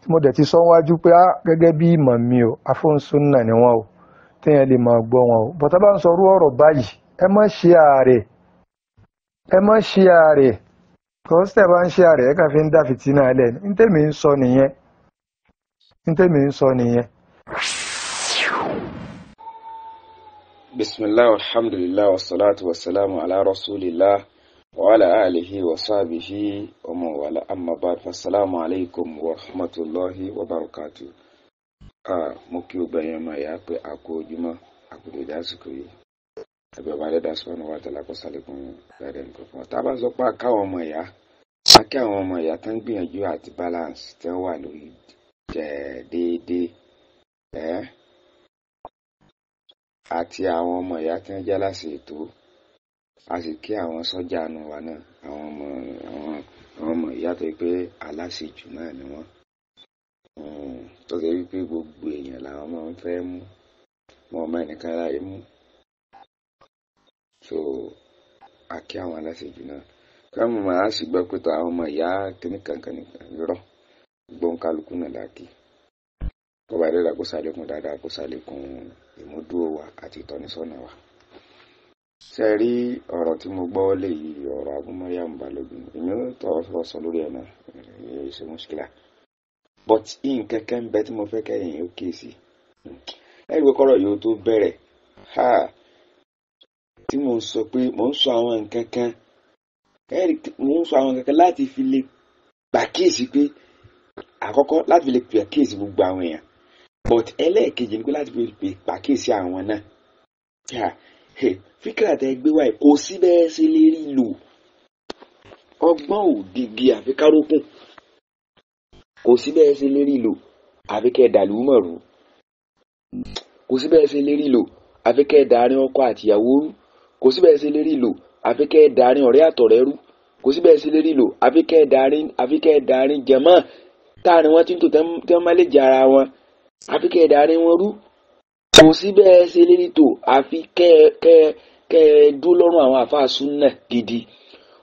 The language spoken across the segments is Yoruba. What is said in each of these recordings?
tí mo dẹ̀ ti sọ wájú pé ah, gẹ́gẹ́ bí ìmọ̀ mi o afọ́nsúnà ni wọ́n o téèyàn lè máa gbọ́ wọn o bọ̀tá bá ń sọrú ọ̀rọ̀ báyìí ẹ má ṣe ààrẹ ẹ ṣe ààrẹ kọ́sítẹ̀ fi ń dá fìtínà lẹ̀ ní tèmi ń sọ nìyẹn ní tèmi ń sọ nìyẹn. ala rasulillah. وعلى آله وصحبه ومن والاه أما بعد فالسلام عليكم ورحمة الله وبركاته a mo kí o gbẹ̀yìn ọmọ ìyá pé a kú ojúmọ́ a kú lè dásìkò yìí ẹgbẹ́ ọba dẹ́dá sọ́nà wa tẹ̀lé akọ́sálẹ́kùn lẹ́rẹ̀ nǹkan fún wa tá a bá sọ pé káwọn ọmọ ìyá kí àwọn ọmọ ìyá tó gbìyànjú àti balance tí wọ́n wà lórí jẹ́ déédéé àti àwọn ọmọ ìyá tó jẹ́ láti ètò a sì kí àwọn sọ́jà nu wa náà àwọn ọmọ àwọn àwọn ọmọ ìyá tó yẹ pé aláṣejù náà ni wọ́n tó ṣe wípé gbogbo èèyàn làwọn máa ń fẹ́ mú wọn ọmọ ẹnìkan láyé mú so a kí àwọn aláṣejù náà káwọn ọmọ a sì gbọ́ pé tó àwọn ọmọ ìyá kìnnìkankan nìkan rọ gbọǹkálukú náà láàkì kọba ìrẹ́lẹ̀ kó sálẹ̀kùn dáadáa kó sálẹ̀kùn ìmúdúró wa àti ìtọ́nisọ́nà wa. ṣe rí ọ̀rọ̀ tí mo gbọ́ léyìí ọ̀rọ̀ agúnmọ́ríàmù balógun èmi ò tọ́ ọ sọ lórí ẹ̀ náà èyí ṣe but nǹkan kan ń bẹ tí mo fẹ́ kẹ́yìn ó kè sí ẹ rí kọ́rọ̀ yìí ó tó bẹ̀rẹ̀ ha tí mo sọ pé mo ń sọ àwọn nkankan kan mo ń sọ àwọn nkankan láti fi lè pàkíyèsí pé àkọ́kọ́ láti fi lè fíkìrà tẹ gbé wáyé kò sí bẹ́ẹ̀ ṣe lè rí lò ọgbọ́n ò digi àfi kárókùn kò sí bẹ́ẹ̀ ṣe lè rí lò àfi kẹ́ ẹ̀ dàlú mọ̀rú kò sí bẹ́ẹ̀ ṣe lè rí lò àfi kẹ́ ẹ̀ dàárín ọkọ àtìyàwó rú kò sí bẹ́ẹ̀ ṣe lè rí lò àfi kẹ́ ẹ̀ dàárín ọ̀rẹ́ àtọ̀rẹ́ rú kò sí bẹ́ẹ̀ ṣe lè rí lò àfi kẹ́ ẹ̀ dàárín jẹ̀mọ́ táàrin wọn ti ń tò tẹ́ wọ́n má lè jẹ ara wọn àfi kẹ́ wọn rú kò sí bẹ́ẹ̀ ṣe lérí tó àfi kẹ́ ẹ dúró lọ́rùn àwọn àfáà súnà gidi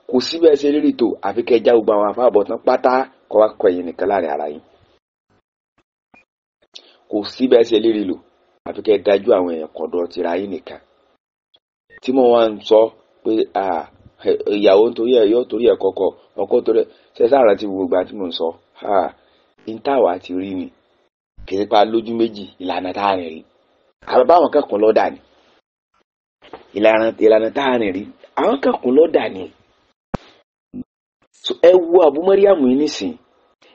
kò sí bẹ́ẹ̀ ṣe lérí tó àfi kẹ́ ẹ já gbogbo àwọn àfáà bọ̀tán pátá kọ́ wá kọ ẹ̀yìn nìkan láàrin ara yín kò sí bẹ́ẹ̀ ṣe lérí lò àfi kẹ́ ẹ dájú àwọn èèyàn kọ̀dọ̀ tìra yín nìkan tí mo wá ń sọ pé ìyàwó nítorí ẹ yóò torí ẹ kọkọ ọkọ torí ẹ ṣẹṣẹ àrántí gbogbo àti mò ń sọ ní táwa ti rí ni kì pa lójú méjì ìlànà àbábá àwọn kan kún lọ́dà ni ìlànà ìlànà tá a rìn rí àwọn kan kún lọ́dà ni ẹ wo Abu Mariam yìí nísìn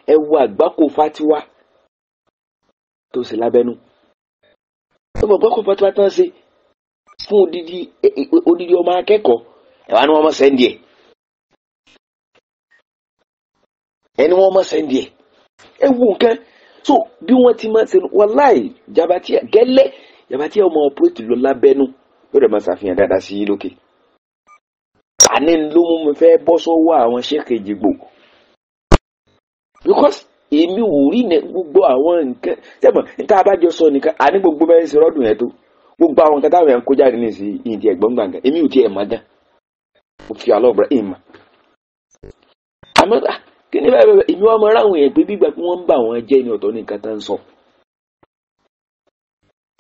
ẹ wo àgbákò fatiwa tó ṣe lábẹ́nu ẹ wo àgbákò fatiwa tó ń ṣe fún odidi e, e, odidi ọmọ akẹ́kọ̀ọ́ ẹ̀wá ni wọ́n mọ̀ sẹ́ńdì ẹ̀ ẹni wọ́n mọ̀ sẹ́ńdì ẹ̀ ẹ wo nǹkan so bí wọ́n ti máa ṣe wàláì jabatiya gẹ́lẹ́ yàrá tí ọmọ ọpúrẹ́tì lọ lábẹ́nú yóò dẹ̀ máa ṣàfihàn dáadáa sí i lókè. àní ló mú mi fẹ́ bọ́ sọ́wọ́ àwọn ṣẹ́kẹ̀jì gbò. because èmi ò rí gbogbo àwọn nǹkan tẹ́mọ̀ níta bá jọ sọ nìkan àní gbogbo bẹ́ẹ̀ ṣe rọ́dùn yẹn tó gbogbo àwọn nǹkan táwọn yẹn kó jáde nísìnyí ìdí ẹ̀gbọ́n gbàngàn èmi ò tiẹ̀ mọ̀ dán mo fi àlọ́ọ̀bùrẹ́ ìmọ̀. àmọ́ ah, kí ni bẹ́ẹ̀ bẹ́ẹ̀ èmi wá mọ aráàlú yẹn pé bí ìgbà pé wọ́n ń bà wọ́n jẹ́ ní ọ̀tọ̀ nìkan tá ń sọ. So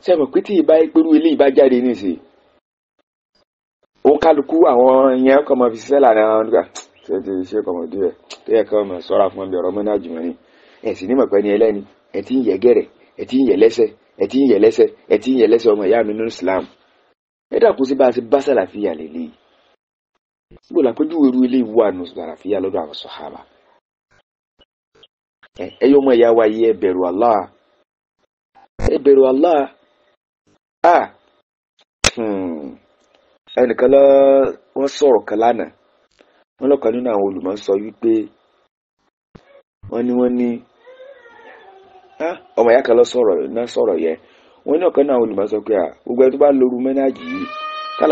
ṣe mọ̀ pé tí ìbá ìpérú ilé ìbá jáde nísìnyí òun kálukú àwọn yẹn kọ́ mọ́ fi ṣiṣẹ́ láàrin àwọn nígbà ṣe ti ṣe kọ́ mọ́ díẹ̀ tó yẹ kọ́ mọ́ sọ́ra fún ọbẹ̀ ọ̀rọ̀ mọ́ náà jùmọ̀ ni ẹ̀ sì ní mọ̀pẹ́ ni ẹlẹ́ni ẹ̀ ti ń yẹ gẹ̀rẹ̀ ẹ̀ ti ń yẹ lẹ́sẹ̀ ẹ̀ ti ń yẹ lẹ́sẹ̀ ẹ̀ ti ń yẹ lẹ́sẹ̀ ọmọ ìyá mi nínú Islam ẹ dàkún sí bá a ṣe bá sàlàfíà lélẹ́yìí bó la pé júwèé irú ilé ìwú àánú sàlàfíà lọ́dọ̀ àwọn sọ̀hábà ẹ yọ ọmọ ìyá wa yìí ẹ bẹ̀rù Allah ẹ bẹ̀rù Allah À, ah. hmm. ẹnìkan lọ wọ́n sọ̀rọ̀ kan lánàá wọ́n lọ́kàn nínú àwọn olùmọ̀ sọ wípé wọ́n ní wọ́n ní ah, ọmọ ìyá kan lọ sọ̀rọ̀ náà sọ̀rọ̀ yẹn wọ́n ní ọ̀kan nínú àwọn olùmọ̀ sọ pé ah, gbogbo ẹni tó bá lóru mẹ́nájì yìí lọ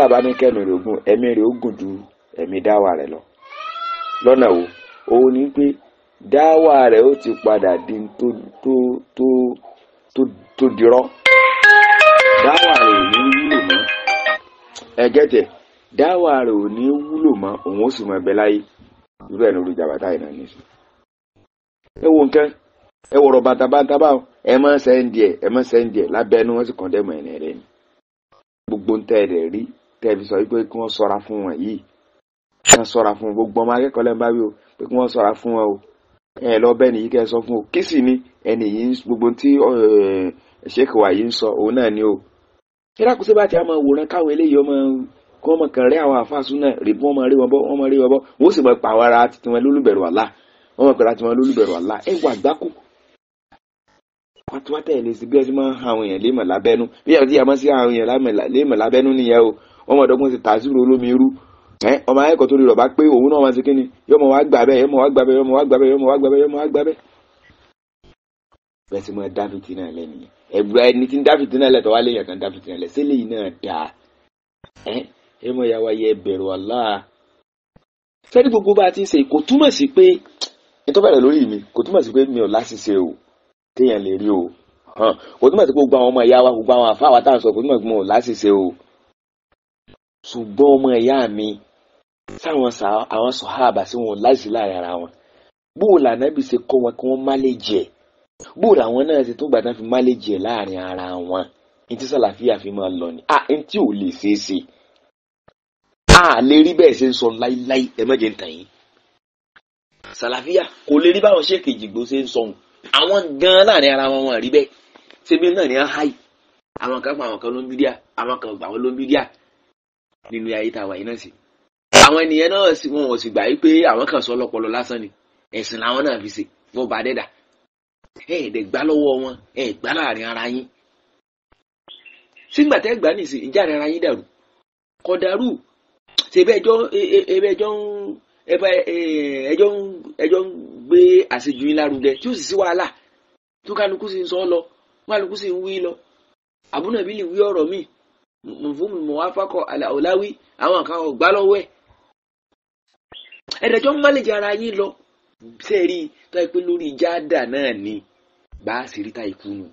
lọ́nà wo òun ni pé dáwà rẹ̀ ó ti padà di tó ní wúlò mọ́ ẹ̀gẹ́tẹ̀ dáwà rẹ̀ ò ní wúlò mọ́ òun ó sì mọ ẹbẹ láyé irú ẹ̀ ní orí jàbátá yìí náà nìyí. ẹ wo nǹkan ẹ wọ̀rọ̀ bàtàbàtà báwo ẹ mọ sẹ́ńdì ẹ̀ ẹ mọ sẹ́ńdì ẹ̀ lábẹ́ ẹnu wọn sì kàn dẹ́mọ̀ ẹ̀nà rẹ̀ ni. gbogbo ń tẹ́ ẹ̀ rẹ̀ rí tẹ́ ẹ fi sọ pé kí wọ́n sọ́ra fún wọn yìí kí wọ́n sọ́ra fún gbogbo ọmọ akẹ́kọ̀ọ́ lẹ́nu báwí o pé kí wọ́n sọ́ra fún wọn o ẹ lọ bẹ́ẹ̀ nìyí kẹ́ ẹ sọ fún o kí sì ni ẹnì yìí gbogbo tí ṣèkìwà yìí ń sọ òun náà ni o ìrákùsí bá ti àmọ́ wòran káwọn eléyìí ọmọ kí wọ́n mọ̀ kàn rí àwọn àfáàsù náà rí wọ́n mọ̀ rí wọn bọ́ wọ́n mọ̀ rí wọn bọ́ wọ́n sì mọ̀ pa àwọn ara ti tiwọn lólùbẹ̀rù àlá wọ́n mọ̀ pẹ̀lú àti wọn lólùbẹ̀rù àlá ẹ̀ wà gbáko. pátápátá ẹ̀ lè sí bí ẹ ti máa ń àwọn èèyàn léèmọ̀ lábẹ́nu bí ẹ ti yàmọ́ sí àwọn èèyàn léèmọ̀ lábẹ́nu nìyẹn o wọ́n mọ̀ dọ́gbọ́n sí tàzírò olómi irú ọmọ akẹ́kọ̀ọ́ tó rí rọ̀ bá pé òun náà máa ṣe kíni yọmọ wá gbà bẹ́ẹ̀ yọmọ wá gbà bẹ́ẹ̀ ẹ̀bùrà ẹni tí ń dá fìtínà lẹ̀ tó wá léèyàn kan dá fìtínà lẹ̀ sílẹ̀ yìí náà dáa ẹ ẹ mọ̀ ìyá wa yẹ bẹ̀rù Allah sẹ́ni gbogbo bá a ti ń ṣe kò túmọ̀ sí pé ìtọ́ bẹ̀rẹ̀ lórí mi kò túmọ̀ sí pé mi ò láṣìṣe o téèyàn lè rí o kò túmọ̀ sí pé gbogbo àwọn ọmọ ìyá wa gbogbo àwọn àfa wa tá sọ kò túmọ̀ sí pé mi ò láṣìṣe o ṣùgbọ́n ọmọ ìyá mi sáwọn àwọn sọ̀háàbà sí wọn láìsí láàrin ara wọn bó o lànà bí ṣe kọ́ wọn kí wọ́n má lè jẹ́ bóòlù àwọn náà ṣe tó gbà tán fi máléjì ẹ̀ láàrin ara wọn ní tí sàlàfíà fi máa lọ ni à ń tí ò lè ṣeé ṣe à lè rí bẹ́ẹ̀ ṣe ń sọ láíláí ẹ má jẹ́ ń tàn yín sàlàfíà kò lè rí báwọn ṣèkè jìgbó ṣe ń sọhùn àwọn gan-an láàrin ara wọn wọn rí bẹ́ẹ̀ ṣebí náà ni háì àwọn kan pa àwọn kan ló ń bídíà àwọn kan gbà wọn ló ń bídíà nínú ayé tá a wà yìí náà sí àwọn ènìyàn náà wọn ò sì gbà yí pé àwọn kan sọ ọlọpọlọ lásán ni ẹ̀sìn làwọn náà fi ṣe fún ọba adẹ́dà ẹ ẹ̀ dẹ̀ gbá lọ́wọ́ wọn ẹ ẹ̀ gbá láàrin ara yín sígbà tẹ́ gbà nìsín ìjà rẹ̀ ara yín dàrú kò dàrú ṣèbẹ́jọ́ ẹbẹ́jọ́ ẹjọ́ ẹjọ́ ń gbé àṣejù yín lárugẹ tí ó sì sí wàhálà tó kálukú sì ń sọ lọ kálukú sì ń wí lọ àbúnàbí lè wí ọ̀rọ̀ míì mọ̀fúnmi mọ̀wáfákọ̀ àlàóláwí àwọn kan ọ̀gbá lọ́wọ́ ẹ̀ ẹ̀dẹ̀jọ́ ń málèjì ara yín lọ sẹ́ẹ̀rí táyì pé lórí jáàdà náà ni bá a sì rí táyì kú nù.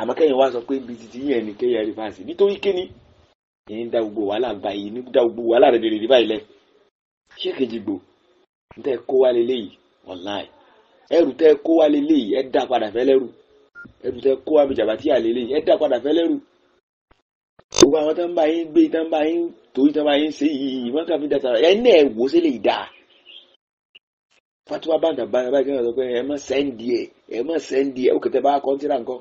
àmọ́ kẹ́yìn wá sọ pé ibi títí yẹn ni kẹ́yìn rí fáṣí nítorí kíni ìyẹn ń da gbogbo wàhálà gba yìí ní da gbogbo wàhálà rẹ̀ dèrè báyìí lẹ. ṣé kejì gbò ń tẹ́ kó wálé léyìí wàláì ẹrù tẹ́ kó wálé léyìí ẹ dá padà fẹ́ lẹ́rù ẹrù tẹ́ kó wálé jàbátí àlè léyìí ẹ dá padà fẹ́ lẹ́rù gbogbo àwọn tó ń bá yín gbé tó ń bá yín tó tó ń bá yín ṣe yìí wọn kàn fi dàtà ẹ ní ẹ wò ó ṣe lè dáa fatiwa banda banda báyìí kí n sọ pé ẹ mọ sẹ́ndì ẹ ẹ mọ sẹ́ndì ẹ ó kẹtẹ bá kọ́ńtìrà nǹkan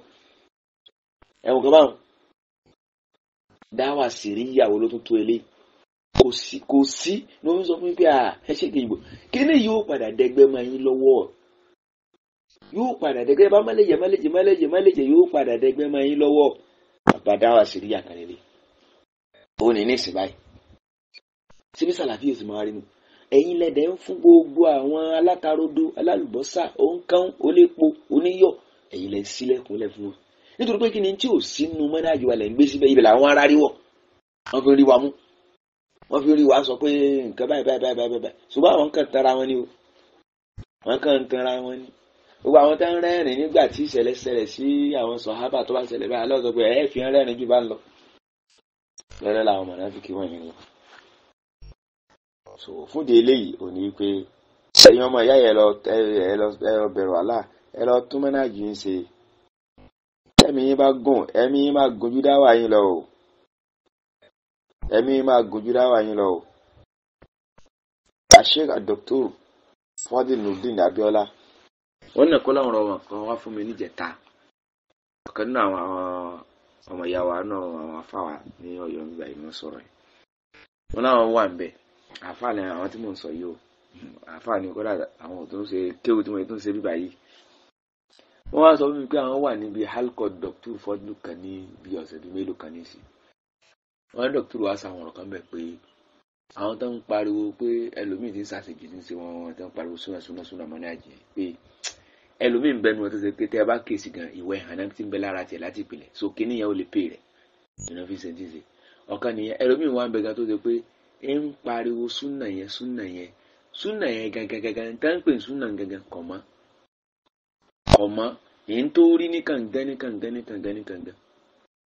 ẹ̀wọ̀n kan báwọn dáwà sírí ìyàwó ló tún tó ilé kò sí kò sí ló ń sọ fún mi pé ẹ ṣe kejì bò kíní yóò padà dẹgbẹ́ máa yín lọ́wọ́ yóò padà dẹgbẹ́ bá mẹ́lẹ̀jẹ̀ mẹ́lẹ̀jẹ̀ mẹ́lẹ̀jẹ̀ mẹ́lẹ̀jẹ̀ yóò padà dẹgbẹ́ máa yín lọ́wọ́ bàbá dáwà sírí ìyà kan òun ní ní ìsìn báyìí síbí sàlàfíà sì máa rí mi ẹ̀yin lẹ́dẹ̀ ń fún gbogbo àwọn alátarodo alálùbọ́sà òǹkàn olépo oníyọ̀ ẹ̀yin lẹ́ sílẹ̀kùn lẹ̀ fún wọn nítorí pé kí ni tí ò sínú mọ́nájú wa lẹ̀ ń gbé síbẹ̀ ibẹ̀ làwọn ará rí wọ̀ wọ́n fi rí wa mú wọ́n fi rí wa sọ pé nǹkan báyìí báyìí báyìí báyìí báyìí ṣùgbọ́n àwọn kan tanra wọn ni o wọ́n kàn ń tanra wọn ni gbogbo àwọn tó ń rẹ́rìn nígbà tí ìṣẹ̀lẹ̀ ṣẹlẹ̀ sí àwọn sọ̀hábà tó bá ṣẹlẹ̀ báyìí alọ́ sọ pé ẹ̀ fi ń rẹ́rìn jù bá ń lọ lọ́rẹ́ làwọn mọ̀nàfíkì wọ̀nyí ni so fúnde eléyìí ò ní pé ẹ̀yin ọmọ ìyá yẹn lọ ẹ lọ bẹ̀rù àlá ẹ lọ tún mẹ́nàjì ń ṣe ẹ̀mí yín bá gùn ẹ̀mí yín máa gùn dáwà yín lọ o ẹ̀mí yín máa gùn ju dáwà yín lọ o. àṣẹ dr fadil nurdin abiola. wọ́n nà kó láwọn ọmọ kan wá fún mi níjẹ̀ta ọ̀kan nínú àwọn ọmọ ìyá wa náà àwọn afáwa ní ọ̀yọ́ nígbà yìí wọ́n sọ̀rọ̀ yìí wọ́n láwọn wà ń bẹ̀ àáfàá ni àwọn tí mò ń sọ yìí o àáfàá ni kọ́dà àwọn tó ń ṣe kéwù tí wọ́n tó ń ṣe bíbá yìí. wọ́n wá sọ fún mi pé àwọn wà níbi halcod doctor fọdún kan ní bí ọ̀sẹ̀ bíi mélòó kan ní sí. ní doctor wa sàwọn ọ̀rọ̀ kan bẹ̀ pé àwọn tó ń pariwo pé ẹlòmíì ti ń sàṣèjì ní sí wọn wọn tó ń pariwo súnà súnà súnà mọ́ ní àjẹ́ pé ẹlòmíì ń bẹnu wọn tó ṣe pé tẹ́ ẹ bá kèsì gan ìwẹ̀ hànà ti ń bẹ lára tiẹ̀ láti ìpìlẹ̀ ẹ ń pariwo súnà yẹn súnà yẹn súnà yẹn gangan tá ń pè súnà gangan kọ̀ mọ́ kọ̀ mọ́ èyí tó rí ní kàǹgán ní kàǹgán ní kàǹgán ní kàǹgán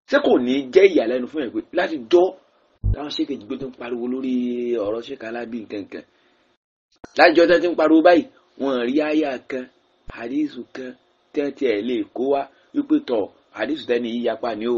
ṣé kò ní jẹ́ ìyàlẹ́nu fún yẹn pé láti jọ́ táwọn ṣèkè gbé tó ń pariwo lórí ọ̀rọ̀ ṣèkà alábí nkankan láti jọ́ tó ti ń pariwo báyìí wọ́n rí àyà kan àdìsù kan tẹ́tí ẹ̀ lè kó wá wípé tọ̀ àdìsù tẹ́ni yíyapa ni o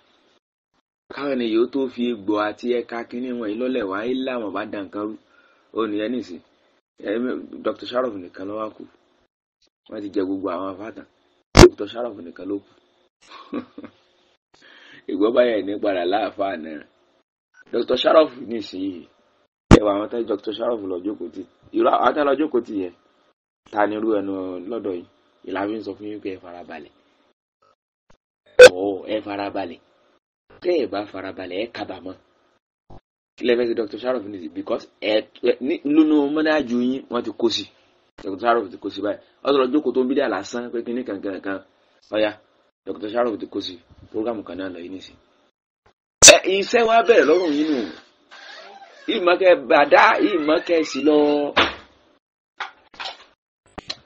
káwọn ènìyàn yóò tó fi egbò àti ẹ̀ka kínní wọn yìí lọ́lẹ̀ wá ayé làwọn bá dàn kan rú ó nìyẹn nìsín Dr. Sharof nìkan ló wá kù wọ́n ti jẹ gbogbo àwọn afáàtàn Dr. Sharof nìkan ló kù ìgbọ́ báyà ní padà láàfáà náà Dr. Sharof nìsín ẹwà àwọn tẹ́ Dr. Sharof lọ jókòó tì irú àwọn tẹ́ lọ jókòó tì yẹn ta ni irú ẹnu lọ́dọ̀ yìí ìlànà sọ fún yín pé ẹ farabalẹ̀ ọ̀ ẹ farabalẹ̀ tẹ́ ẹ̀ bá farabalẹ̀ ẹ̀ kábàámọ̀ lẹ́mẹ̀sì dr sharof ní because ẹ̀ nínú mọ́nájú yín wọ́n ti kó sí dr sharof ti kó sí báyìí ọ̀sọ̀rọ̀ jókòó tó ń bídà lásán pé kíní kankan kan ọ̀ya dr sharof ti kó sí programu kan náà lọ yìí nìsí. ẹ iṣẹ́ wa bẹ̀rẹ̀ lọ́rùn yín nù ìmọ̀kẹ́ bàdá ìmọ̀kẹ́ sí lọ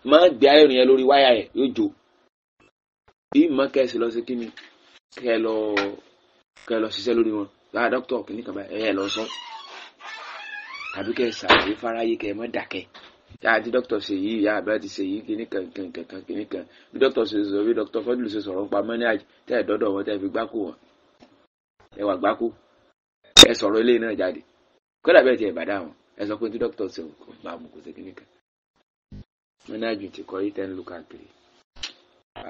máa gbé ayọ̀rìn yẹn lórí wáyà yẹn yóò jó ìmọ̀kẹ́ sí lọ sí kíni kẹ́ lọ́ọ́ kẹ́ lọ ṣiṣẹ́ lórí wọn gbà dókítà kìíní kan báyìí ẹ lọ sọ tàbí kẹ́ ṣàlàyé fáráyé kẹ́ mọ́ dákẹ́ yáa tí dókítà ṣe yìí yáa bá ti ṣe yìí kìíní kan kìíní kan kìíní kan bí dókítà ṣe sọ bí dókítà fọdùlù ṣe sọ̀rọ̀ nípa mẹnẹj tẹ́ ẹ dọdọ wọn tẹ́ ẹ fi gbáko wọn ẹ wà gbáko ẹ sọ̀rọ̀ eléyìí náà jáde kódà bẹ́ẹ̀ tiẹ̀ bàdá wọn ẹ sọ pé tí dókítà ṣe kò bá mu kò ṣe kìíní kan mẹnẹj ti kọ yìí tẹ́ ń lu káàkiri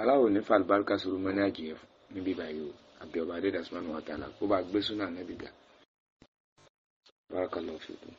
aláwo ní falùbáríkà sọ̀rọ̀ mẹnẹj yẹn níbí báyìí o àbí ọba adédàsímánú wa tààlà kó bá gbé súnà nẹ́bìgà barakallahu fikum.